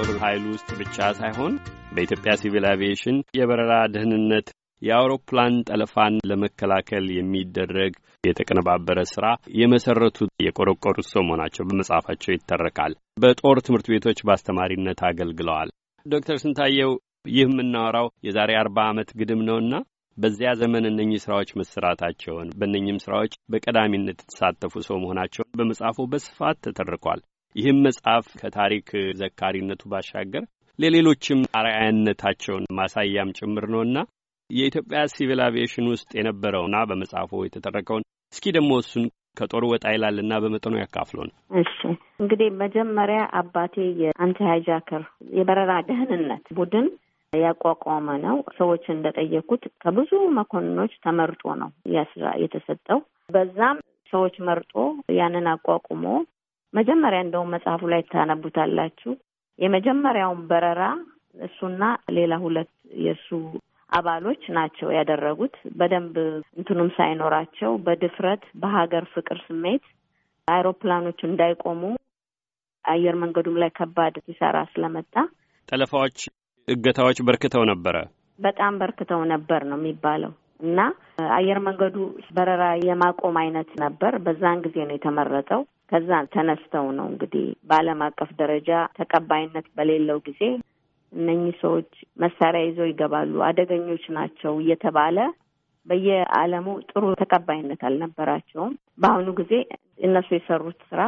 በጦር ኃይል ውስጥ ብቻ ሳይሆን በኢትዮጵያ ሲቪል አቪዬሽን የበረራ ደህንነት የአውሮፕላን ጠለፋን ለመከላከል የሚደረግ የተቀነባበረ ስራ የመሰረቱት የቆረቆሩት ሰው መሆናቸው በመጽሐፋቸው ይተረካል። በጦር ትምህርት ቤቶች በአስተማሪነት አገልግለዋል። ዶክተር ስንታየው ይህ የምናወራው የዛሬ አርባ ዓመት ግድም ነውና በዚያ ዘመን እነኚህ ስራዎች መሰራታቸውን በእነኚህም ስራዎች በቀዳሚነት የተሳተፉ ሰው መሆናቸውን በመጽሐፉ በስፋት ተተርኳል። ይህም መጽሐፍ ከታሪክ ዘካሪነቱ ባሻገር ለሌሎችም አርአያነታቸውን ማሳያም ጭምር ነውና የኢትዮጵያ ሲቪል አቪዬሽን ውስጥ የነበረውና በመጽሐፉ የተጠረቀውን እስኪ ደግሞ እሱን ከጦር ወጣ ይላልና በመጠኑ ያካፍሎን። እሺ እንግዲህ መጀመሪያ አባቴ የአንቲ ሃይጃከር የበረራ ደህንነት ቡድን ያቋቋመ ነው። ሰዎች እንደጠየኩት ከብዙ መኮንኖች ተመርጦ ነው የተሰጠው። በዛም ሰዎች መርጦ ያንን አቋቁሞ መጀመሪያ እንደውም መጽሐፉ ላይ ታነቡታላችሁ። የመጀመሪያውን በረራ እሱና ሌላ ሁለት የእሱ አባሎች ናቸው ያደረጉት። በደንብ እንትኑም ሳይኖራቸው በድፍረት በሀገር ፍቅር ስሜት አይሮፕላኖች እንዳይቆሙ አየር መንገዱም ላይ ከባድ ሲሰራ ስለመጣ ጠለፋዎች፣ እገታዎች በርክተው ነበረ። በጣም በርክተው ነበር ነው የሚባለው እና አየር መንገዱ በረራ የማቆም አይነት ነበር። በዛን ጊዜ ነው የተመረጠው። ከዛ ተነስተው ነው እንግዲህ በዓለም አቀፍ ደረጃ ተቀባይነት በሌለው ጊዜ እነኚህ ሰዎች መሳሪያ ይዘው ይገባሉ፣ አደገኞች ናቸው እየተባለ በየዓለሙ ጥሩ ተቀባይነት አልነበራቸውም። በአሁኑ ጊዜ እነሱ የሰሩት ስራ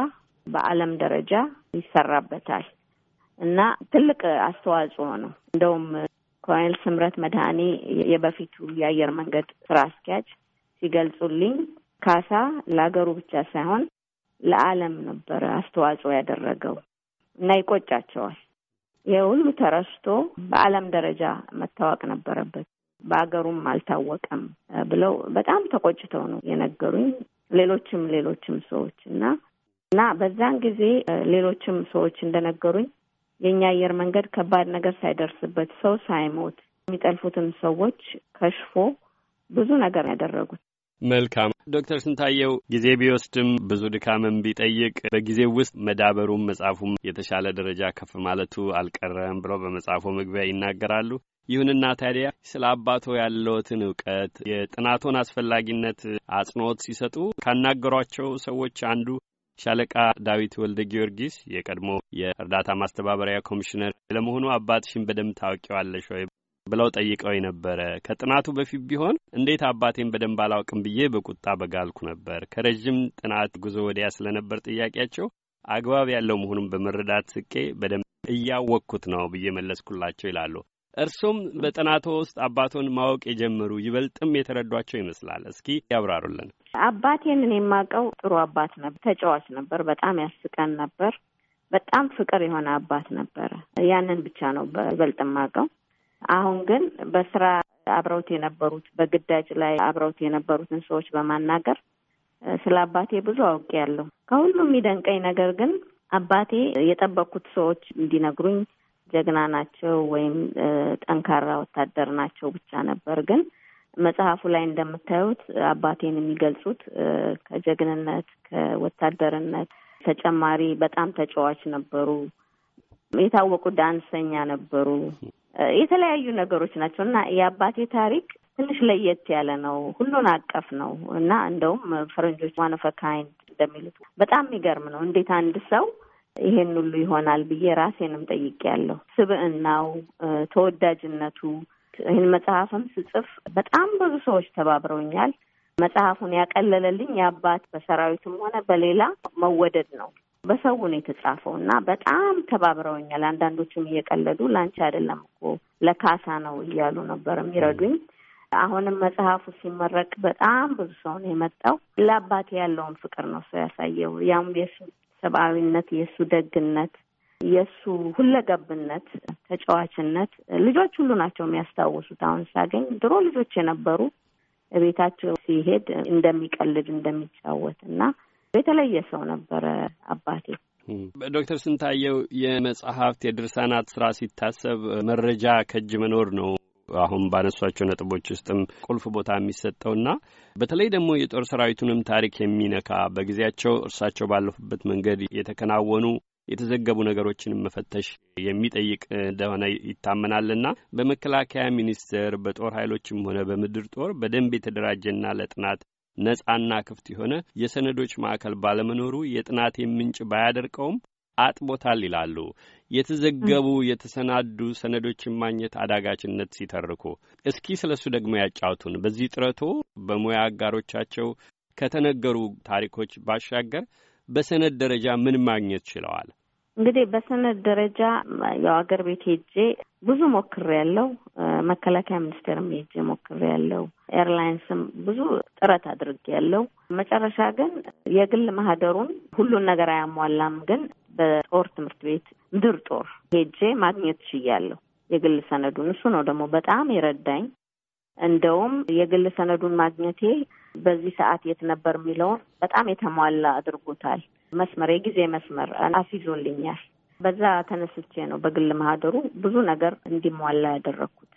በዓለም ደረጃ ይሰራበታል እና ትልቅ አስተዋጽኦ ነው። እንደውም ኮሎኔል ስምረት መድኃኔ የበፊቱ የአየር መንገድ ስራ አስኪያጅ ሲገልጹልኝ ካሳ ለሀገሩ ብቻ ሳይሆን ለዓለም ነበረ አስተዋጽኦ ያደረገው እና ይቆጫቸዋል። ይህ ሁሉ ተረስቶ በዓለም ደረጃ መታወቅ ነበረበት፣ በሀገሩም አልታወቀም ብለው በጣም ተቆጭተው ነው የነገሩኝ። ሌሎችም ሌሎችም ሰዎች እና እና በዛን ጊዜ ሌሎችም ሰዎች እንደነገሩኝ የእኛ አየር መንገድ ከባድ ነገር ሳይደርስበት ሰው ሳይሞት የሚጠልፉትን ሰዎች ከሽፎ ብዙ ነገር ያደረጉት መልካም ዶክተር ስንታየው ጊዜ ቢወስድም ብዙ ድካምን ቢጠይቅ በጊዜው ውስጥ መዳበሩም መጽሐፉም የተሻለ ደረጃ ከፍ ማለቱ አልቀረም ብለው በመጽሐፉ መግቢያ ይናገራሉ። ይሁንና ታዲያ ስለ አባቶ ያለዎትን እውቀት የጥናቶን አስፈላጊነት አጽንኦት ሲሰጡ ካናገሯቸው ሰዎች አንዱ ሻለቃ ዳዊት ወልደ ጊዮርጊስ የቀድሞ የእርዳታ ማስተባበሪያ ኮሚሽነር፣ ለመሆኑ አባትሽን በደንብ ታውቂዋለሽ ወይ? ብለው ጠይቀው ነበረ። ከጥናቱ በፊት ቢሆን እንዴት አባቴን በደንብ አላውቅም ብዬ በቁጣ በጋልኩ ነበር። ከረዥም ጥናት ጉዞ ወዲያ ስለነበር ጥያቄያቸው አግባብ ያለው መሆኑን በመረዳት ስቄ በደንብ እያወቅኩት ነው ብዬ መለስኩላቸው ይላሉ። እርሱም በጥናቶ ውስጥ አባቶን ማወቅ የጀመሩ ይበልጥም የተረዷቸው ይመስላል። እስኪ ያብራሩልን። አባቴን እኔ የማውቀው ጥሩ አባት ነበር። ተጫዋች ነበር። በጣም ያስቀን ነበር። በጣም ፍቅር የሆነ አባት ነበረ። ያንን ብቻ ነው በይበልጥ የማውቀው። አሁን ግን በስራ አብረውት የነበሩት በግዳጅ ላይ አብረውት የነበሩትን ሰዎች በማናገር ስለ አባቴ ብዙ ያለው ከሁሉም የሚደንቀኝ ነገር ግን አባቴ የጠበቅኩት ሰዎች እንዲነግሩኝ ጀግና ናቸው ወይም ጠንካራ ወታደር ናቸው ብቻ ነበር። ግን መጽሐፉ ላይ እንደምታዩት አባቴን የሚገልጹት ከጀግንነት ከወታደርነት ተጨማሪ በጣም ተጫዋች ነበሩ። የታወቁ ዳንሰኛ ነበሩ። የተለያዩ ነገሮች ናቸው እና የአባቴ ታሪክ ትንሽ ለየት ያለ ነው። ሁሉን አቀፍ ነው እና እንደውም ፈረንጆች ዋን ኦፍ ካይንድ እንደሚሉት በጣም የሚገርም ነው። እንዴት አንድ ሰው ይሄን ሁሉ ይሆናል ብዬ ራሴንም ጠይቄያለሁ። ስብዕናው፣ ተወዳጅነቱ ይህን መጽሐፍም ስጽፍ በጣም ብዙ ሰዎች ተባብረውኛል። መጽሐፉን ያቀለለልኝ የአባት በሰራዊትም ሆነ በሌላ መወደድ ነው። በሰው ነው የተጻፈው እና በጣም ተባብረውኛል። አንዳንዶቹም እየቀለዱ ላንቺ አይደለም እኮ ለካሳ ነው እያሉ ነበር የሚረዱኝ። አሁንም መጽሐፉ ሲመረቅ በጣም ብዙ ሰው ነው የመጣው። ለአባቴ ያለውን ፍቅር ነው ሰው ያሳየው። ያም የእሱ ሰብአዊነት፣ የእሱ ደግነት፣ የእሱ ሁለገብነት፣ ተጫዋችነት ልጆች ሁሉ ናቸው የሚያስታውሱት። አሁን ሳገኝ ድሮ ልጆች የነበሩ ቤታቸው ሲሄድ እንደሚቀልድ እንደሚጫወት እና የተለየ ሰው ነበረ አባቴ። ዶክተር ስንታየው የመጽሐፍት የድርሳናት ስራ ሲታሰብ መረጃ ከእጅ መኖር ነው አሁን ባነሷቸው ነጥቦች ውስጥም ቁልፍ ቦታ የሚሰጠውና በተለይ ደግሞ የጦር ሰራዊቱንም ታሪክ የሚነካ በጊዜያቸው እርሳቸው ባለፉበት መንገድ የተከናወኑ የተዘገቡ ነገሮችን መፈተሽ የሚጠይቅ እንደሆነ ይታመናልና በመከላከያ ሚኒስቴር በጦር ኃይሎችም ሆነ በምድር ጦር በደንብ የተደራጀና ለጥናት ነጻና ክፍት የሆነ የሰነዶች ማዕከል ባለመኖሩ የጥናቴ ምንጭ ባያደርቀውም አጥቦታል ይላሉ። የተዘገቡ የተሰናዱ ሰነዶችን ማግኘት አዳጋችነት ሲተርኩ፣ እስኪ ስለ እሱ ደግሞ ያጫውቱን። በዚህ ጥረቶ በሙያ አጋሮቻቸው ከተነገሩ ታሪኮች ባሻገር በሰነድ ደረጃ ምን ማግኘት ችለዋል? እንግዲህ በሰነድ ደረጃ ያው አገር ቤት ሄጄ ብዙ ያለው መከላከያ ሚኒስቴርም ሄጄ ያለው ኤርላይንስም ብዙ ጥረት ያለው መጨረሻ ግን የግል ማህደሩን ሁሉን ነገር አያሟላም፣ ግን በጦር ትምህርት ቤት ምድር ጦር ሄጄ ማግኘት ችያለሁ የግል ሰነዱን። እሱ ነው ደግሞ በጣም የረዳኝ። እንደውም የግል ሰነዱን ማግኘቴ በዚህ ሰዓት የት ነበር የሚለውን በጣም የተሟላ አድርጎታል። መስመር የጊዜ መስመር አስይዞልኛል። በዛ ተነስቼ ነው በግል ማህደሩ ብዙ ነገር እንዲሟላ ያደረግኩት።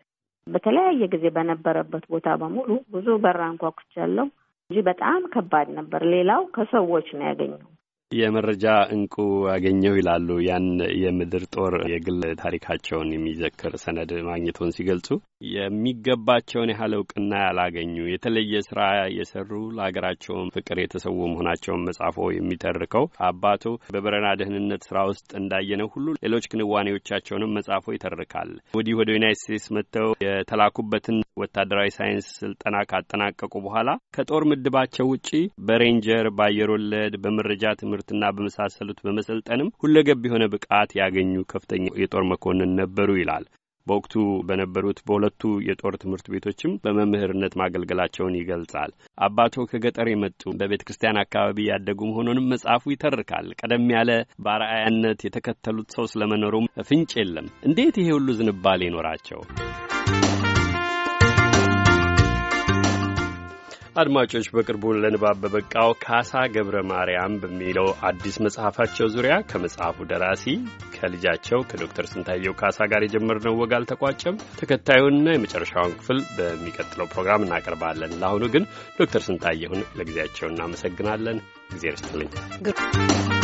በተለያየ ጊዜ በነበረበት ቦታ በሙሉ ብዙ በር አንኳኩቻለሁ እንጂ በጣም ከባድ ነበር። ሌላው ከሰዎች ነው ያገኘው የመረጃ እንቁ አገኘው ይላሉ ያን የምድር ጦር የግል ታሪካቸውን የሚዘክር ሰነድ ማግኘቱን ሲገልጹ የሚገባቸውን ያህል እውቅና ያላገኙ የተለየ ስራ የሰሩ ለሀገራቸውን ፍቅር የተሰዉ መሆናቸውን መጻፎ የሚተርከው አባቱ በበረና ደህንነት ስራ ውስጥ እንዳየነው ሁሉ ሌሎች ክንዋኔዎቻቸውንም መጻፎ ይተርካል። ወዲህ ወደ ዩናይት ስቴትስ መጥተው የተላኩበትን ወታደራዊ ሳይንስ ስልጠና ካጠናቀቁ በኋላ ከጦር ምድባቸው ውጪ በሬንጀር፣ በአየር ወለድ፣ በመረጃ ትምህርት ትምህርትና በመሳሰሉት በመሰልጠንም ሁለገብ የሆነ ብቃት ያገኙ ከፍተኛ የጦር መኮንን ነበሩ ይላል። በወቅቱ በነበሩት በሁለቱ የጦር ትምህርት ቤቶችም በመምህርነት ማገልገላቸውን ይገልጻል። አባቶ ከገጠር የመጡ በቤተ ክርስቲያን አካባቢ ያደጉ መሆኑንም መጽሐፉ ይተርካል። ቀደም ያለ በአርአያነት የተከተሉት ሰው ስለመኖሩም ፍንጭ የለም። እንዴት ይሄ ሁሉ ዝንባሌ ይኖራቸው? አድማጮች በቅርቡ ለንባብ በበቃው ካሳ ገብረ ማርያም በሚለው አዲስ መጽሐፋቸው ዙሪያ ከመጽሐፉ ደራሲ ከልጃቸው ከዶክተር ስንታየው ካሳ ጋር የጀመርነው ወግ አልተቋጨም። ተከታዩንና የመጨረሻውን ክፍል በሚቀጥለው ፕሮግራም እናቀርባለን። ለአሁኑ ግን ዶክተር ስንታየሁን ለጊዜያቸው እናመሰግናለን። እግዜር ይስጥልኝ።